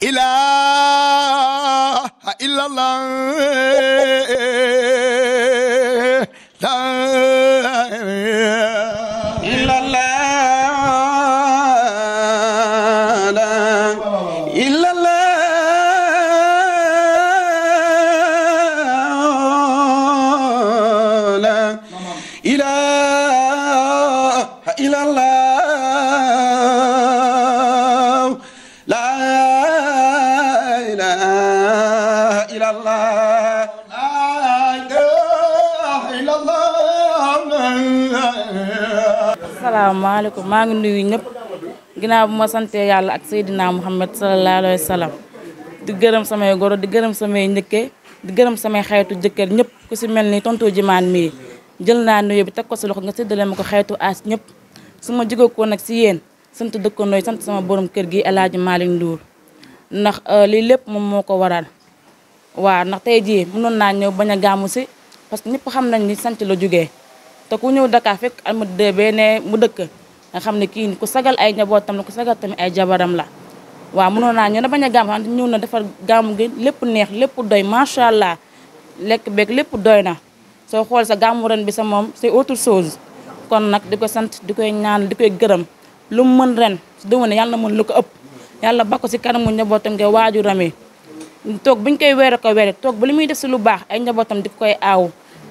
ilaha illallah asalaamaaleykum maa ngi nuyu ñëpp ginnaaw bu ma santee yàlla ak Seydina Muhammad sallallahu alayhi wa di gërëm samay goro di gërëm samay njëkke di gërëm samay xeetu jëkkër ñëpp ku si mel ni tontu jimaan mii jël naa nuyu bi teg ko si loxo nga séddale ma ko xeetu aas ñëpp su ma jóge ko nag si yéen sant dëkkandooy sant sama borom kër gi El Hadj Malick ndax euh, lii lépp moom moo ko waral waa ndax tey jii mënoon naa ñëw bañ a gàmmu si parce que ñëpp xam nañ ni sant la jógee nga xam ne kii ku sagal ay njabootam la ku sagal tamit ay jabaram la waaw mënoon naa ñëw na bañ a gàmm xam ñëw na defar gàmm gi lépp neex lépp doy macha allah lekk beeg lépp doy na soo xool sa gàmmu ren bi sa moom c'est autre chose kon nag di ko sant di koy ñaan di gërëm lu mu mën ren su yàlla na mën ko ëpp yàlla bakko si kanamu njabootam nga waajuram yi toog buñ koy weere ko weere toog ba li muy def si lu baax ay njabootam di koy aaw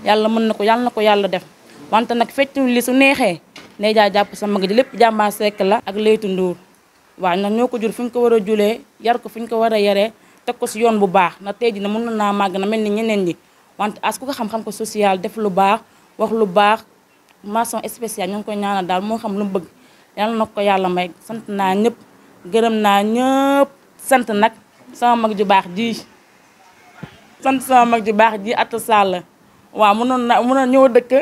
yàlla mën na ko yàlla na ko yàlla def wante nag fecc li su neexee ne jaa japp sama mag lepp jamba sek la ak leytu Ndour wa na ñoko jur fi ko wara julé yar ko fi ko wara yaré tek ko ci yoon bu baax na teji na mën na mag na melni ñeneen ñi want as ku ko xam-xam ko social def lu baax wax lu baax mention spéciale ñu ko ñaanal dal mo xam lu mu bëgg yalla na ko may sant na ñepp gëreem na ñepp sant nak sama mag ju baax ji sant sama mag ju baax ji Atta Sall wa mënon na mënoon dëkk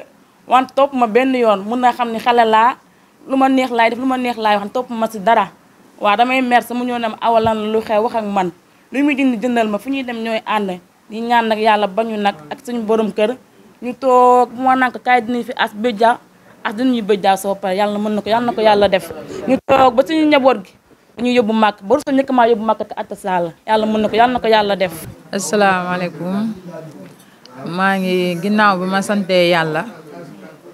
wan top ma ben yoon mun na xamni ne la luma neex lay def luma neex lay waxan top ma ci dara wa damay mer sama ñëw nam awalan lu xew wax ak man lu mi dindi jëndal ma fu ñuy dem ñoy and di ñaan nak yalla bañu nak ak suñu borom kër ñu tok mo nak kay fi as beja as ñu beja so par yalla mën nako yalla nako yalla def ñu tok ba suñu ñabor gi ñu yobbu mak ba rusul ñëkk ma yobbu mak ak atta sall mën nako yalla nako yalla def asalaamaaleykum ngi ginnaw bima sante yalla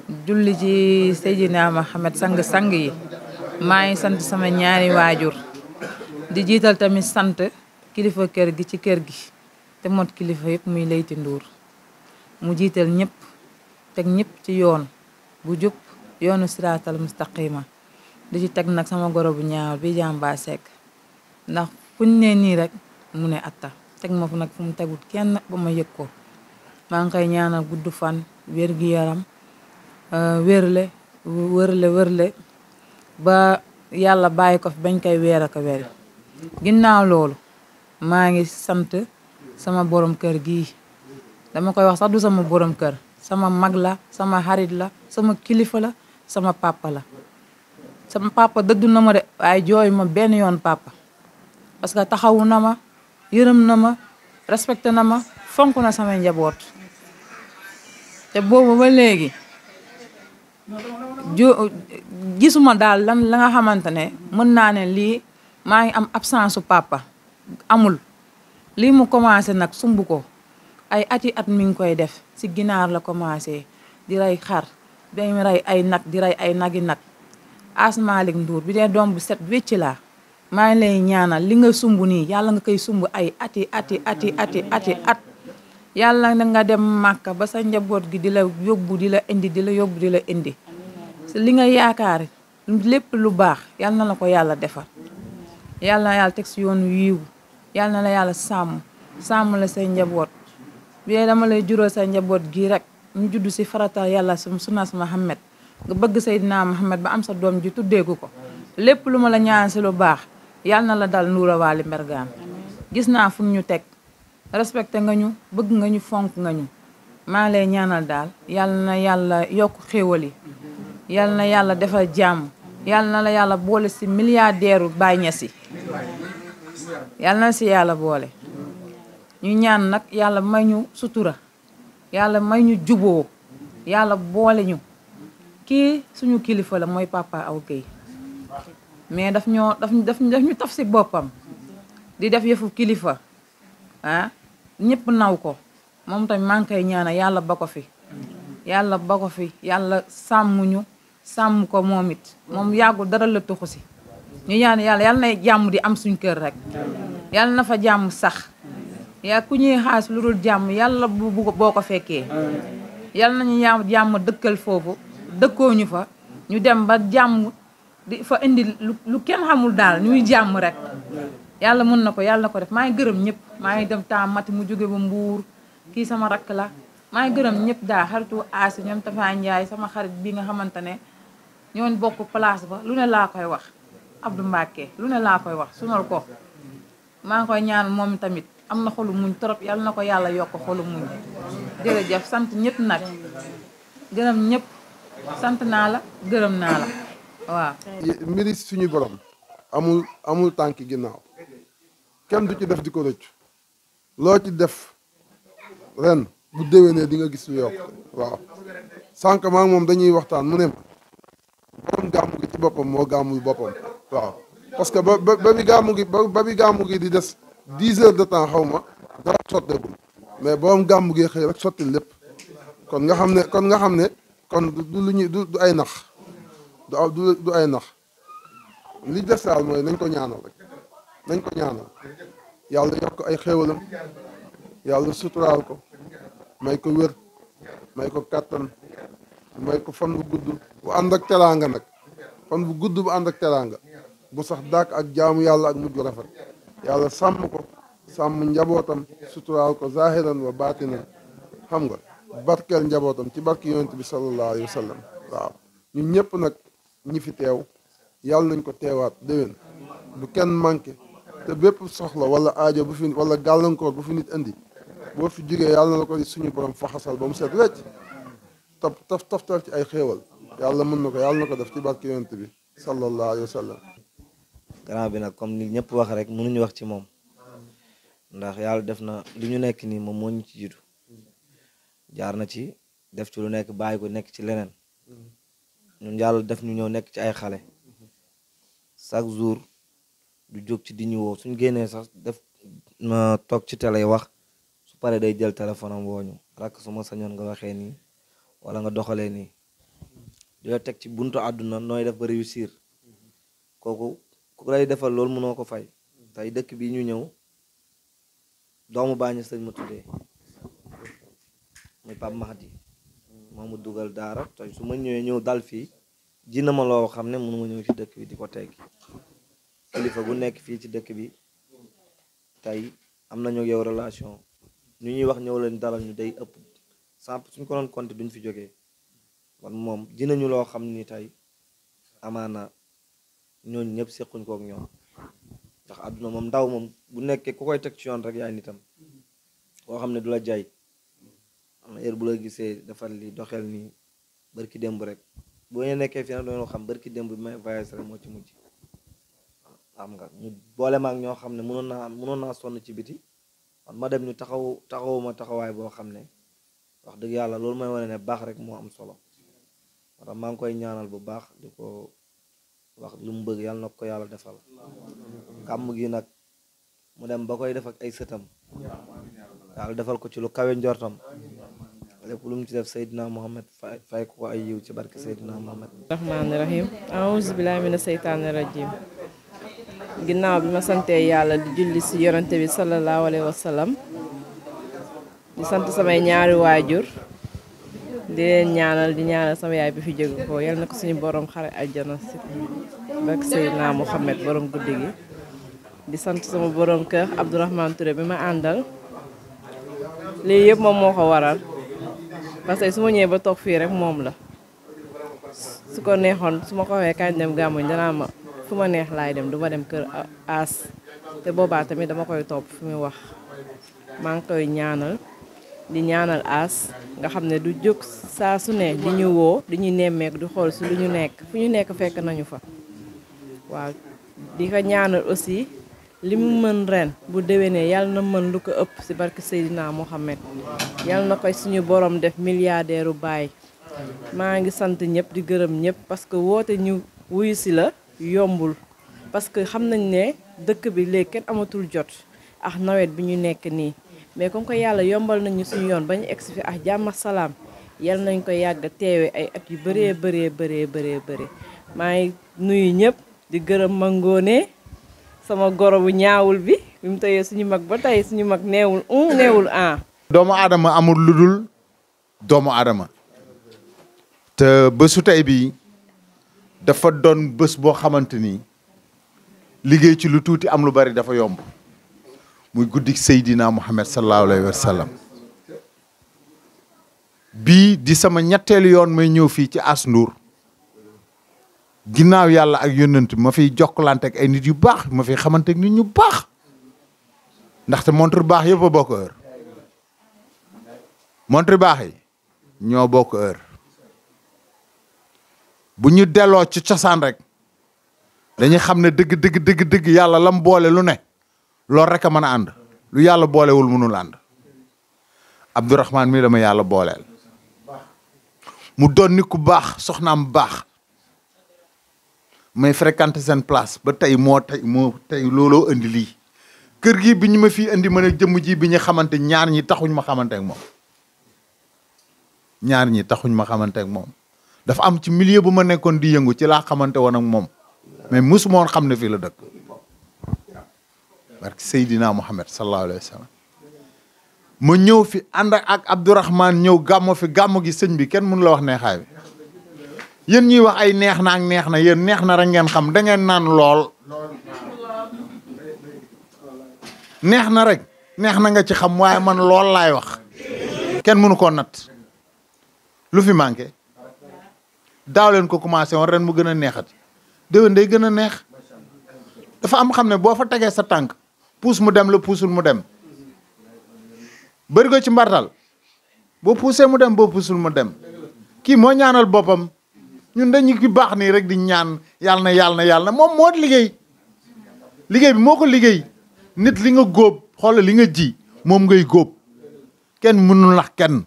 julli ci Seydina Muhammad sang-sang yi maa ngi sant sama ñaari waajur di jiital tamit sant kilifa kër gi ci kër gi te mot kilifa yëpp muy Leyti Nduur mu jiital ñépp teg ñépp ci yoon bu jub yoonu siraatal mustaqima di ci teg nag sama goro bu ñaawal bi jàmba sekk ndax fuñ ne nii rekk mu ne atta teg ma fu nag fu mu tegut kenn ba ma yëg ko maa ngi koy ñaanal gudd fan wér-gi-yaram Euh, wérle wërle wërle ba yàlla bàyyi ko fi bañ koy weer ak weer ginnaaw loolu maa ngi sant sama borom kër gii dama koy wax sa du sama borom kër sama mag la sama xarit la sama kilifa la sama papa la sama papa dëddu na ma de waaye jooy ma benn yoon papa parce que taxawu na ma yërëm na ma respecté na ma fonk na sama njaboot te boobu ba léegi ju gisuma dal lan la nga xamantene ne mën na ne li ma ngi am absence papa amul li mu commencé nak sumbu ko ay ati at mi ngi koy def si ginar la commencé di ray xar di ray ay nak di ray ay nagi as malik ndour bi dee dom bu set wécc la ma ngi lay ñaanal li nga sumbu ni yalla nga koy sumbu ay ati ati ati ati ati at yalla na nga dem makka ba sa njabot gi dila yobbu dila indi dila yobbu dila indi ci li nga yaakar lepp lu bax yalla na la ko yàlla defar yàlla na yàlla teg si yoonu yiiw yàlla na yalla sam sam la sa njabot bi dama lay juro sa njabot gi rek mu judd ci farata yalla sum sunas Muhammad nga bëgg sayyidina Muhammad ba am sa dom ji tuddeeku ko lepp lu ma la ñaan ci lu bax yalla na la dal nuru waali mergam gis naa fu ñu tek respecté nga ñu bëgg nga ñu fonk nga ñu maa lay ñaanal daal yal na yàlla yokk xéewal yi yal na yàlla defa jàmm yal na la yàlla boole si milliardaire Baye Niass yi yal na si yàlla boole ñu ñaan nag yàlla may ñu sutura yàlla may ñu juboo yàlla boole ñu kii suñu kilifa la mooy papa aw Guèye mais daf ñu taf si boppam di def yëfu kilifa ah ñëpp naw ko moom tamit maa ngi koy ñaanal yàlla ba ko fi yàlla ba ko fi yàlla sàmmuñu sàmm ko moom it moom yàggul dara la tuxu si ñu ñaan yàlla yàlla na jàmm di am suñ kër rek yàlla na fa jàmm sax yaa ku ñuy xaas lu dul jàmm yàlla bu boo ko fekkee yàlla nañu yàlla jàmm dëkkal foofu dëkkoo fa ñu dem ba jàmm di fa indi lu kenn xamul daal ñuy jàmm rek yalla mën nako yalla nako def may gëreum ñep may dem taa mat mu jóge ba mbuur ki sama rak la may gëreum ñep da xartu asi aasi ñoom Tafa ñay sama xarit bi nga xamantane ñoon bokk place ba lu ne la koy wax Abdou Mbacke lu ne la koy wax sunal ko ma ngoy ñaan mom tamit am xolu muñ torop yalla nako yalla yok xolu muñ jeff sant ñep nak gëreum ñep sant na la gëreum na la waaw. suñu borom amul amul tanki ginnaw kenn du ci def di ko rëcc loo ci def ren bu déwénee di nga gis lu waaw sànq maa moom dañuy waxtaan mu ne ma moom gàmmu gi ci boppam moo gàmmul boppam waaw parce que ba ba bi gàmmu ba bi gi di des dix heures de temps xaw ma dara sotteegul mais boom gàmmu gee xëy rek sotti lépp kon nga xam ne kon nga xam ne kon du lu ñuy du ay nax du du ay nax li des daal mooy nañ ko ñaanal rek nañ ko ñaanal yàlla yokk ay xéewalam yàlla suturaal ko may ko wér may ko kàttan may ko fan bu gudd bu ànd ak teraanga nag fan bu gudd bu ànd ak teraanga bu sax dàkk ak jaamu yàlla ak mujj rafet yàlla sàmm ko sàmm njabootam suturaal ko zahiran wa baatinan xam nga barkeel njabootam ci barke yonent bi sallallahu alayhi wa waaw ñun ñëpp nag ñi fi teew yàlla nañ ko teewaat déwén bu kenn manqué te bépp soxla wala aajo bu fi wala gàllankoor bu fi nit indi boo fi jugee yàlla na la ko suñu borom faxasal ba mu set wecc taf taf taftal ci ay xéewal yàlla mën na ko yàlla na ko def ci barke yonent bi sallallahu alayhi wa sallam grand bi nag comme ni ñëpp wax rek mënuñu wax ci moom ndax yàlla def na li ñu nekk nii moom moo ñu ci jiitu jaar na ci def ci lu nekk bàyyi ko nekk ci leneen ñun yàlla def ñu ñëw nekk ci ay xale chaque jour du jog ci di ñu suñ sax def ma tok ci télé wax su paré day jël téléphone am woñu rak suma sañon nga waxé ni wala nga doxalé ni di la teg ci buntu aduna noy def ba réussir koku ku lay defal lool mëno ko fay tay dëkk bi ñu ñëw doomu bañu sëñ ma tuddé moy pap Mahdi moo dugal dara tay suma ma ñëw dal fi ji ma loo xam ñëw ci dëkk bi di tégg kilifa gu nekk fii ci dëkk bi tey am nañu yow relation ñu ñuy wax ñëw leen dalal ñu day ëpp samp suñ ko doon compté duñ fi jógee man moom dinañu loo xam ni tey amaana ñooñu ñëpp sequñ kook ñoom ndax àdduna moom ndaw moom bu nekkee ku koy teg ci yoon rek yaay nitam koo xam ne du la jaay am na heure bu la gisee dafa li doxel nii barki démb rek boo ñu nekkee fii nag doon xam barki démb bi may voyage moo ci mujj xam nga ñu boole maag ñoo xam ne mënoon naa mënoon naa sonn ci biti man ma dem ñu taxaw taxawuma taxawaay boo xam ne wax dëgg yàlla loolu may wane ne baax rek moo am solo moo tax maa ngi koy ñaanal bu baax di ko wax lu mu bëgg yàlla na ko yàlla defal gàmm gi nag mu dem ba koy def ak ay sëtam yàlla defal ko ci lu kawe njortam lépp lu mu ci def Seydina Mohamed fay ko ay yiw ci barke Seydina Mohamed rahmaani rahim aouzu billahi mina seytaani rajim ginnaaw bi ma santee yàlla di julli si yonante bi sallallahu alayhi wa di sant samay ñaari waajur di leen ñaanal di ñaanal sama yaay bi fi jóge ko yal na ko suñu borom xare aljana ci bak Seydina Muhammad sant sama borom kër bi ma àndal lii moom moo ko waral parce que su ma ñëwee ba toog fii rek moom la su ko neexoon su ma ko waxee kañ dem gàmmuñ danaa ma fu ma neex laay dem du ma dem kër aas te boobaa tamit dama koy topp fu muy wax maa ngi koy ñaanal di ñaanal aas nga xam ne du jóg saa su ne di ñu woo di ñu nemmeek du xool si lu ñu nekk fu ñu nekk fekk nañu fa waaw di ko ñaanal aussi li mu mën ren bu déwénee yàlla na mën lu ko ëpp si barke Seydina Mohamed yàlla na koy suñu borom def milliardaire u baay maa ngi sant ñëpp di gërëm ñëpp parce que woote ñu wuyu si la yombul parce que xam nañ ne dëkk bi léegi kenn amatul jot ax nawet bi ñu nekk nii mais comme que yàlla yombal nañu suñu yoon ba ñu si fi ak jàmm ak salaam yal nañ ko yàgg teewe ay at yu bëree bëree bëree bëree bëri maa ngi nuyu ñëpp di gërëm mangoone sama goro bu ñaawul bi bi mu tëyee suñu mag ba tey suñu mag neewul un neewul an doomu aadama amul lu dul doomu aadama te bésu tey bi dafa doon bës boo xamante ni liggéey ci lu tuuti am lu bari dafa yomb muy guddi Seydina Muhammad sallallahu alayhi bii di sama ñetteelu yoon may ñëw fii ci As Ndour ginnaaw yàlla ak yónnent ma fiy jokkalante ak ay nit yu baax ma fi xamante ak nit ñu baax ndaxte montre baax yëpp a bokk heure montre baax yi ñoo bokk heure bu ñu delloo ci cosaan rek dañuy xam ne dëgg dëgg dëgg dëgg yàlla lam boole lu ne loolu rek a mën a ànd lu yàlla boolewul mënul ànd Abdourahman mii dama yàlla booleel mu doon ku baax soxnaam baax may fréquenté seen place ba tey moo tey moo tey looloo indi lii kër gi bi ñu ma fii indi mën a jëmm ji bi ñu xamante ñaar ñi taxuñ ma xamante ak moom ñaar ñi taxuñ ma xamante moom dafa am ci milieu bu ma nekkon di yëngu ci la xamanté won ak mom mais mosuma mo xamné fi la dëkk bark sayidina Muhammad sallallahu Alaihi Wasallam. mo ñew fi and ak abdurrahman ñew gàmmo fi gamu gi señ bi kenn mënu la wax neexaay bi yéen ñuy wax ay neex na ak neex na yéen neex na rek ngeen xam da ngeen naan lool neex rek neex nga ci xam waye man lool lay wax kenn mënu ko nat lu fi daaw leen ko commencé woon ren mu gën a neexati déwén day gën a neex dafa am xam ne boo fa tegee sa tànk puus mu dem la puusul mu dem bërigo ci mbartal boo puusee mu dem boo puusul mu dem kii moo ñaanal boppam ñun dañu ki baax nii rek di ñaan yàlla na yàlla na yàlla na moom moo liggéey liggéey bi moo ko liggéey nit li nga góob xoolal li nga ji moom ngay góob kenn mënul lax kenn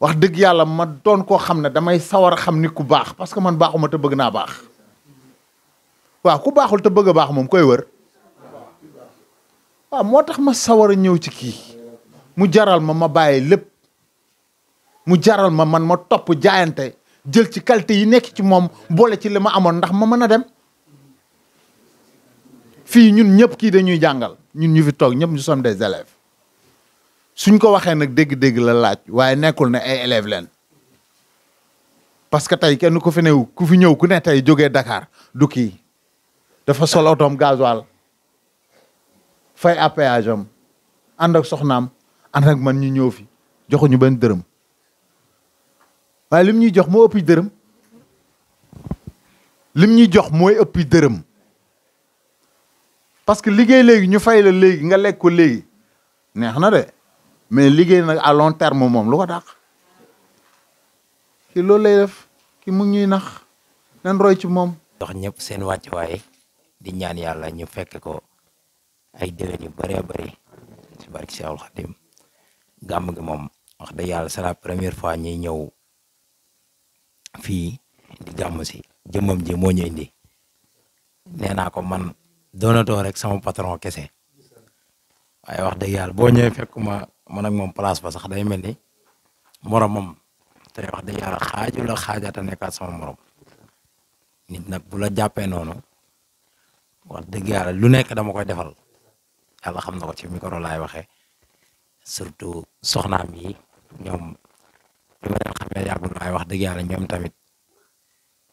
wax dëgg yàlla ma doon koo xam ne damay sawar a xam ni ku baax parce que man baaxuma te bëgg naa baax waaw ku baaxul te bëgg baax moom koy wër waaw moo tax ma sawar a ñëw ci kii mu jaral ma ma bàyyi lépp mu jaral ma man ma topp jaayante jël ci qualité yi nekk ci moom boole ci li ma amoon ndax ma mën a dem fii ñun ñëpp kii dañuy jàngal ñun ñu fi toog ñëpp ñu sommes des élèves suñ ko waxee nag dégg-dégg la laaj waaye nekkul ne ay élève leen parce que tey kenn ku fi new ku fi ñëw ku ne tey jógee dakaar du ki dafa sol otoom gasoil fay apéage am ànd ak soxnaam ànd ak man ñu ñëw fi joxuñu benn dërëm waaye lim ñuy jox moo ëpp dërëm lim ñuy jox mooy ëpp dërëm parce que liggéey léegi ñu fay la léegi nga lekk ko léegi neex na de. mais liggéey nag à long terme moom lu ko dàq ki loolu lay def ki mu ñuy nax nan roy ci moom dox ñëpp seen wàccuwaay di ñaan yàlla ñu fekk ko ay déwén yu bëree bëri ci barke Seexul Xadim gàmm gi moom wax dëgg yàlla c'est la première fois ñuy ñëw fii di gàmm si jëmmam ji moo ñu indi nee naa ko man doonatoo rek sama patron kese waaye wax dëgg yàlla boo ñëwee fekkuma man ak moom place ba sax day mel ni moromam te wax dëgg yàlla xaaju la xaajaata nekkaat sama morom nit nag bu la jàppee noonu wax dëgg yàlla lu nekk dama koy defal yàlla xam na ko ci mikoro lay waxee surtout soxnaam yi ñoom li wax dëgg yàlla ñoom tamit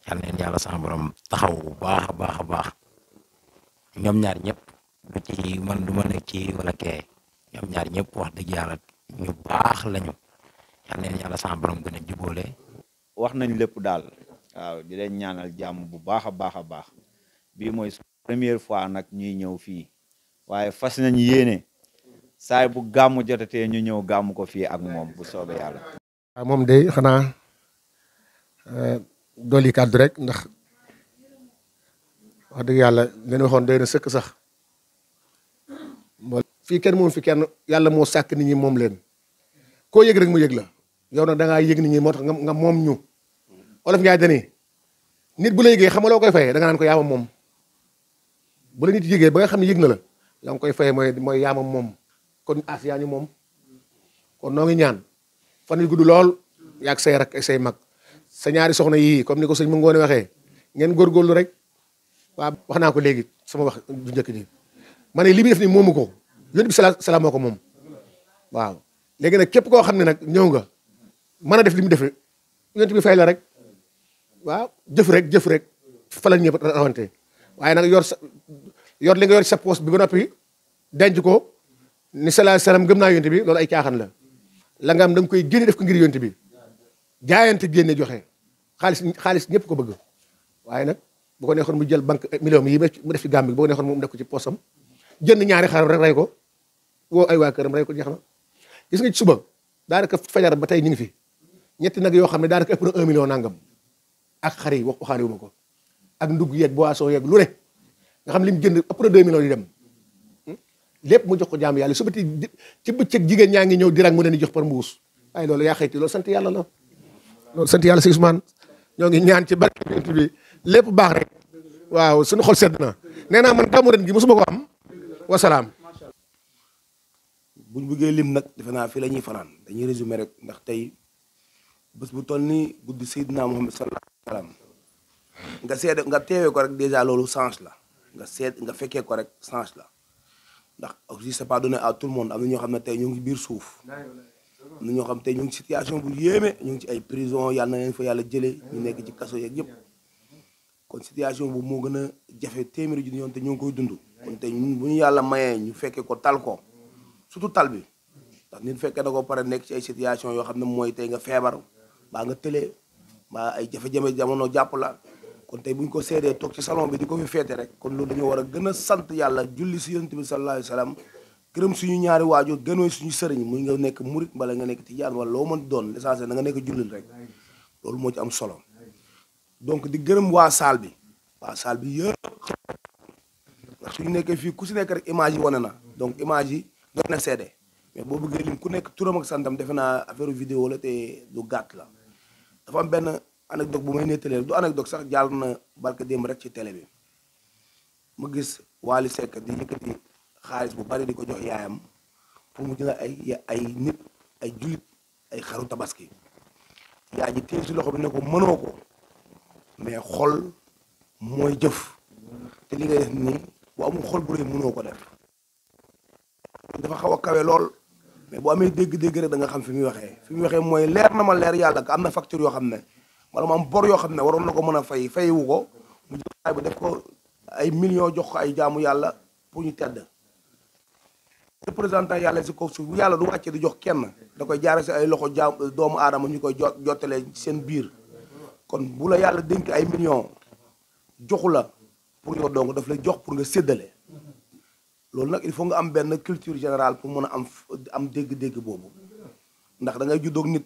yal yàlla sama borom taxaw bu baax a baax a baax ñoom ñaar ñëpp du ci man du ma nekk ci wala kee. ñoom ñaar ñëpp wax dëgg yàlla ñu baax lañu yal na yàlla sama borom gën a wax nañ lépp daal waaw di leen ñaanal jàmm bu baax a baax a baax bii mooy première fois nag ñuy ñëw fii waaye fas nañ yéene saay bu gàmmu jotatee ñu ñëw gàmmu ko fii ak moom bu soobee yàlla. waaw moom de xanaa euh, dolli kàddu rek ndax wax dëgg yàlla leen waxoon doy na sëkk sax. fii kenn moom fi kenn yàlla moo sàkk nit ñi moom leen koo yëg rek mu yëg la yow nag da ngaa yëg nit ñi moo tax nga moom ñu olof njaay dani nit bu la xam nga loo koy fayee da nga ko yaama moom bu la nit yëgee ba nga xam ne yëg na la la koy fayee mooy mooy yaama moom kon as yaa ñu moom kon noo ngi ñaan fan yu gudd lool yaag say rak say mag sa ñaari soxna yii comme ni ko sëñ mu ngoone waxee ngeen góorgóorlu rek waa wax naa ko léegi sama wax du njëkk ji ma ne li muy def ni moomu ko yónni bi sala ko moom waaw léegi nag képp koo xam ne nag ñëw nga mën a def li mu def bi fay la rek waaw jëf rek jëf rek fa la ñëpp rawante waaye nag yor sa yor li nga yor sa poos bi ba noppi denc ko ni sala salaam gëm naa yónni bi loolu ay caaxaan la la nga am da nga koy génne def ko ngir yónni bi jaayante génne joxe xaalis xaalis ñëpp ko bëgg waaye nag bu ko neexoon mu jël banque million yi mu def ci gàmm bi bu ko neexoon mu def ko ci poosam jënd ñaari xaram rek rey ko woo ay waa këram rey ko jeex na ci suba daanaka fajar ba tey ñu ngi fi ñetti nag yoo xam ne daanaka ëpp na un million nangam ak xar yi wax waxaale wu ma ko ak ndugg yeeg boisson yeeg lu ne nga xam li mu jënd ëpp na deux millions di dem hmm? lépp mu jox ko jaam yàlla suba ci bëccëg jigéen ñaa ngi ñëw di rang mu ne ni jox par mbuus ay loolu yaa xayti loolu sant yàlla la loolu sant yàlla si Ousmane ñoo ngi ñaan ci barke bi lépp baax rek waaw suñu xol sedd na nee naa man gàmmu ren gi mosuma ko am wasalaam. bu ñu bëggee lim nag defe naa fii la ñuy fanaan dañuy résumé rek ndax tey bés bu toll nii guddi Seydina naa sallallahu alayhi wa sallam nga seede nga teewee ko rek dèjà loolu change la nga seet nga fekkee ko rek change la ndax aussi c'est pas donné à tout le monde am na ñoo xam ne tey ñu ngi biir suuf am ñoo xam tey ñu ngi situation bu yéeme ñu ngi ci ay prison yàlla na leen fa yàlla jëlee ñu nekk ci kaso yeeg yëpp. kon situation bu moo gën a jafe téeméer junni yoon te ñoo ngi koy dund kon te bu ñu yàlla mayee ñu fekkee ko tal ko surtout tal bi ndax nit fekkee na ko pare nekk ci ay situation yoo xam ne mooy tey nga feebar baa nga tëlee mbaa ay jafe-jafe jamono jàpp la kon tey bu ñu ko seedee toog ci salon bi di ko fi feete rek kon loolu dañoo war a gën a sant yàlla julli si yonent bi sallallahu alayhi wa sallam gërëm suñu ñaari waajur gënooy suñu sëriñ muy nga nekk murit mbala nga nekk tijaan wala loo mën doon l'essentiel na nga nekk jullil rek loolu moo ci am solo donc di gërëm wa saal bi wa saal bi yëpp su suñu fi ku si nekk rek image yi wane na donc image yi doon na seede mais boo bëggee lim ku nekk turam ak santam defe naa affaire vidéo la te du gàtt la dafa am benn anecdote bu may nettalee du anecdote sax jàll na barke démb rek ci télé bi ma gis wali Seck di yëkkati xaalis bu bari di ko jox yaayam pour mu jël ay ay nit ay jullit ay xaru tabaski yaay ji téye si loxo bi ne ko mënoo ko mais xol mooy jëf te li ngay def nii bu amul xol bu rëy mënoo ko def dafa xaw a kawe lool mais bu amee dégg-dégg rek da nga xam fi muy waxee fi muy waxee mooy leer na ma leer yàlla am na facture yoo xam ne wala mu am bor yoo xam ne waroon na ko mën a fay fayewu ko mu jël bi def ko ay millions jox ko ay jaamu yàlla pour ñu tedd représentant yàlla si kaw suuf yàlla du wàcce di jox kenn da koy jaare si ay loxo jaam doomu aadama ñu koy jo jottalee seen biir kon bu la yàlla dénk ay millions joxu la pour yow dong daf lay jox pour nga séddale loolu nag il faut nga am benn culture générale pour mën a am am dégg-dégg boobu ndax da ngay juddoog nit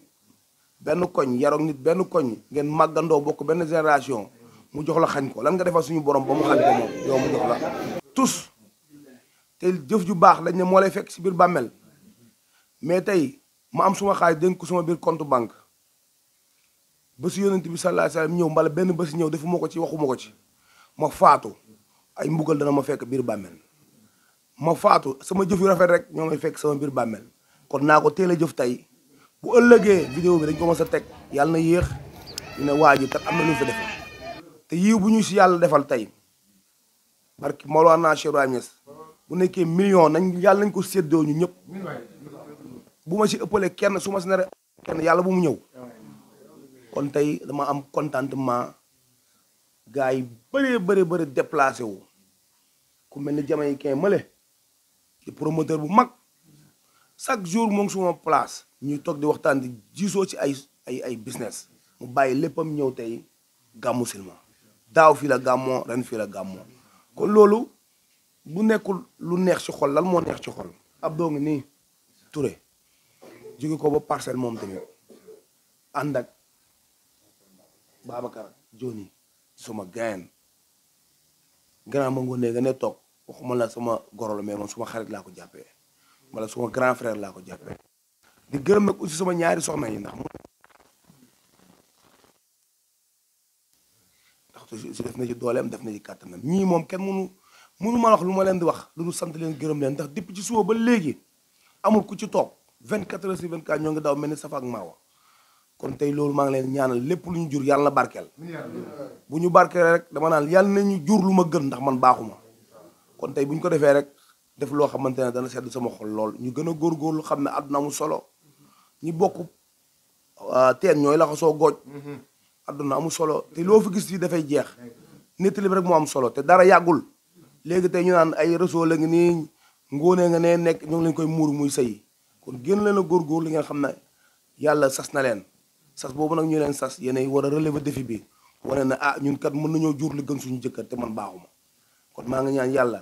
benn koñ yaroog nit benn koñ ngeen màggandoo bokk benn génération mu jox la xañ ko lan nga defal suñu borom ba mu xañ moom yow mu jox la tous te jëf ju baax lañ ne moo lay fekk si biir bàmmeel mais tey ma am suma xaalis dënk ko suma biir compte banque ba si yonent bi sallallahu alayhi wasallam ñëw mbala benn ba si ñëw defuma ko ci waxuma ko ci ma faatu ay mbugal dana ma fekk biir bàmmeel ma faatu sama jëf yu rafet rek ñoo may fekk sama biir bàmmeel kon naa ko teel a jëf tey bu ëllëgee vidéo bi dañ ko mës a teg yàlla na yéex ñu ne waa ji kat am na lu fa defe te yiw bu ñu si yàlla defal tey barki Mawlana Cheikh Ibrahima Niass bu nekkee million nañ yàlla nañ ko séddoo ñu ñëpp bu ma si ëppalee kenn su ma si nare kenn yàlla bu mu ñëw kon tey dama am contentement gars yi bëree bëri bëri déplacé wu ku mel ni Jamaïcain Mële di promoteur bu mag chaque jour moom ngi suma place ñuy toog di waxtaan di jiisoo ci ay ay ay business mu bàyyi léppam ñëw tey gàmmu silma daaw fii la gàmmoo ren fii la gàmmoo kon loolu bu nekkul lu neex ci xol lan moo neex ci xol ab doo ngi nii Touré jóge ko ba parcelle moom tamit ànd ak babakar Joni suma gain grand ma ne nga ne tok waxuma la sama gorol me mais mom suma xarit la ko jappé wala suma grand frère la ko jappé di gërëm nak aussi sama ñaari soxna yi ndax ndax def na ci dolem def na ci katanam ñi mom kenn mënu mënu ma wax luma ma leen di wax lu ñu sant leen gërëm leen ndax depuis ci suba ba légui amul ku ci tok 24 heures sur 24 ñoo ngi daw melni safa ak mawa kon tey loolu maa ngi leen ñaanal lépp lu ñu jur yàlla na barkeel bu ñu barkeel rek dama naan yàlla ñu jur lu ma gën ndax man baaxuma kon tey bu ñu ko defee rek def loo xamante ne dana sedd sama xol lool ñu gën a góorgóorlu xam ne àdduna amul solo ñi bokk ah, teen ñooy la ko mm-hmm. àdduna amul solo te loo fi gis fii dafay jeex nettali bi rek moo am solo te dara yàggul léegi tey ñu naan ay réseau la ngi nii ngóonee nga ne nekk ñoo ngi koy muur muy sëy kon génn leen a góorgóorlu li nga xam ne yàlla sas na leen sas boobu nag ñu leen sas yéenay war a relever défi bi wane na ah ñun kat mën nañoo jur li gën suñu jëkkër te man baaxuma kon maa ngi ñaan yàlla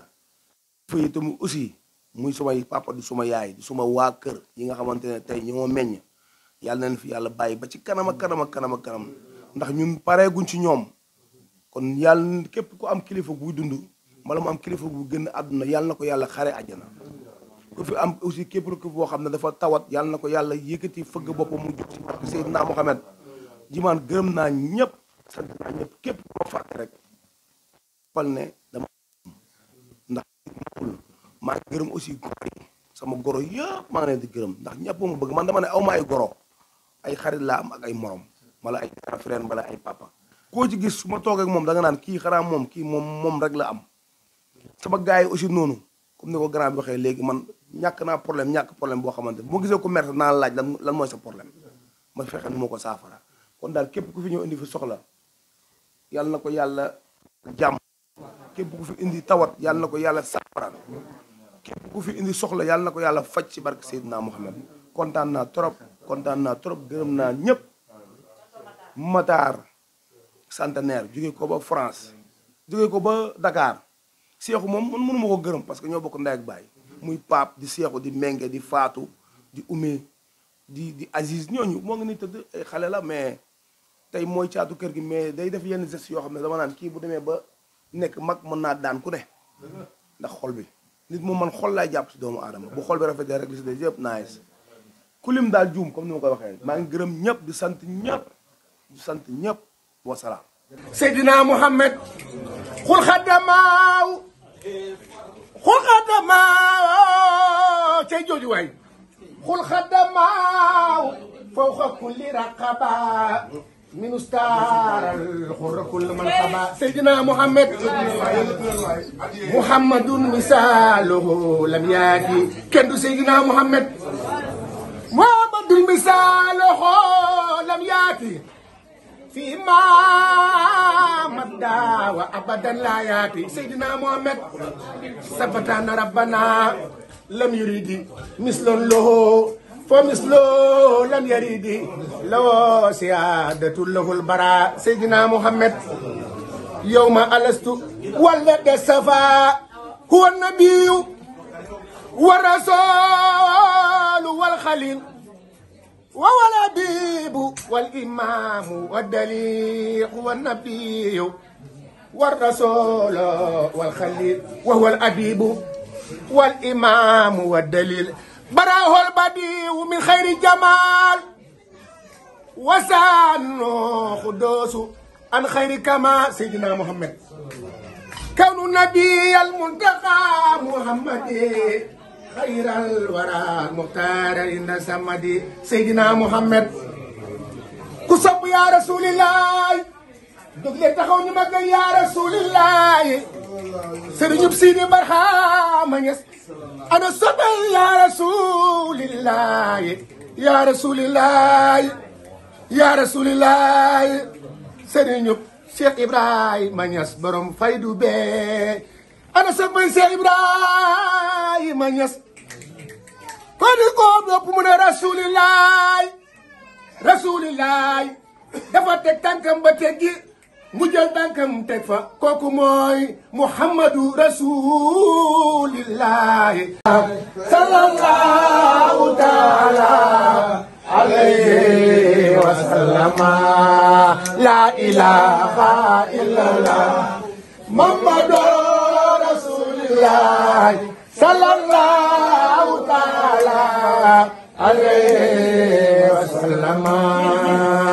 fay itam aussi muy sumay papa di suma yaay suma waa kër ñi nga xamante ne tey ñoo meññ yàlla nañ fi yàlla bàyyi ba ci kanam ak kanam ak kanam ak kanam ndax ñun pareeguñ ci ñoom kon yàlla képp ku am kilifa buy dund mbala mu am kilifa bu gën àdduna yàlla na ko yàlla xare àjjana ku fi am aussi képp ku boo xam ne dafa tawat yàlla na ko yàlla yëkkati fëgg boppam mu jóg ci barke Seydina Mohamed jimaan gërëm naa ñëpp sant naa ñëpp képp ku ma rek fal ne dama ndax gërëm aussi goro sama goro yëpp maa ngi leen di gërëm ndax ñëpp ma bëgg man dama ne aw ma ay goro ay xarit laa am ak ay morom wala ay frère wala ay papa koo ci gis su ma toog moom da naan kii xanaa moom kii moom moom rek la am sama gars yi aussi noonu comme ni ko grand bi waxee léegi man ñàkk naa problème ñàkk problème boo xamante bu ma gisee ko mer naa laaj lan lan mooy sa problème ma fexe nu moo ko saafara kon daal képp ku fi ñëw indi fi soxla yàlla na ko yàlla jàmm képp ku fi indi tawat yàlla na ko yàlla saafara képp ku fi indi soxla yàlla na ko yàlla faj ci barke Seydina Mohamed kontaan naa trop kontaan naa trop gërëm naa ñëpp Matar centenaire jóge ko ba France jóge ko ba Dakar Seexu moom man mënuma ko gërëm parce que ñoo bokk ndey ak baay muy Pape di Seexu di Menge di Faatu di Ume di di Aziz ñooñu moo ngi ni tëdd ay xale la mais tey mooy caatu kër gi mais day def yenn gestes yoo xam ne dama naan kii bu demee ba nekk mag mën naa daan ku ne ndax xol bi nit moom man xol laay jàpp si doomu aadama bu xol bi rafetee rek li si yëpp nice ku lim daal juum comme ni ma koy waxee maa ngi gërëm ñëpp di sant ñëpp di sant ñëpp wasalaam seydina Muhammad xul xaddamaaw xul xaddamaaw cay jooju waay xul xaddamaaw fawqa kulli raqaba min ustaaral xurra kulli man xaba seydina muhammad muhammadun misaaluhu lam yaati kenn du seydina muhammad muhammadun misaaluhu lam yaati فيما مدى وأبدا لا يأتي سيدنا محمد سبتنا ربنا لم يريد مثل له فمثل لم يريد لو سيادة له البراء سيدنا محمد يوم ألست ولد السفا هو النبي والرسول والخليل وهو الأبيب والإمام والدليق والنبي والرسول والخليل وهو الأبيب والإمام والدليل براه البديو من خير الجمال وسانه خدوس عن خير كما سيدنا محمد كون النبي المنتقى محمد xayral wara muxtaara inna samadi seydina muhammad ku sopp yaa rasulillahi dugle taxaw ñu magal yaa rasulillahi sëriñub siidi barxaama ñes ana sobel yaa rasulillahi yaa rasulillahi yaa rasulillahi sëriñub cheikh ibrahima ñes borom faydu bee ana sëppay Seex Ibrahima Ñas ko di ko dopp mu ne dafa teg tànkam ba teggi mu jël tànkam teg fa kooku mooy muhammadu rasulilaay sallallahu taala alayhi wa sallama la ilaha illallah muhammadu الله صلى الله تعالى عليه وسلم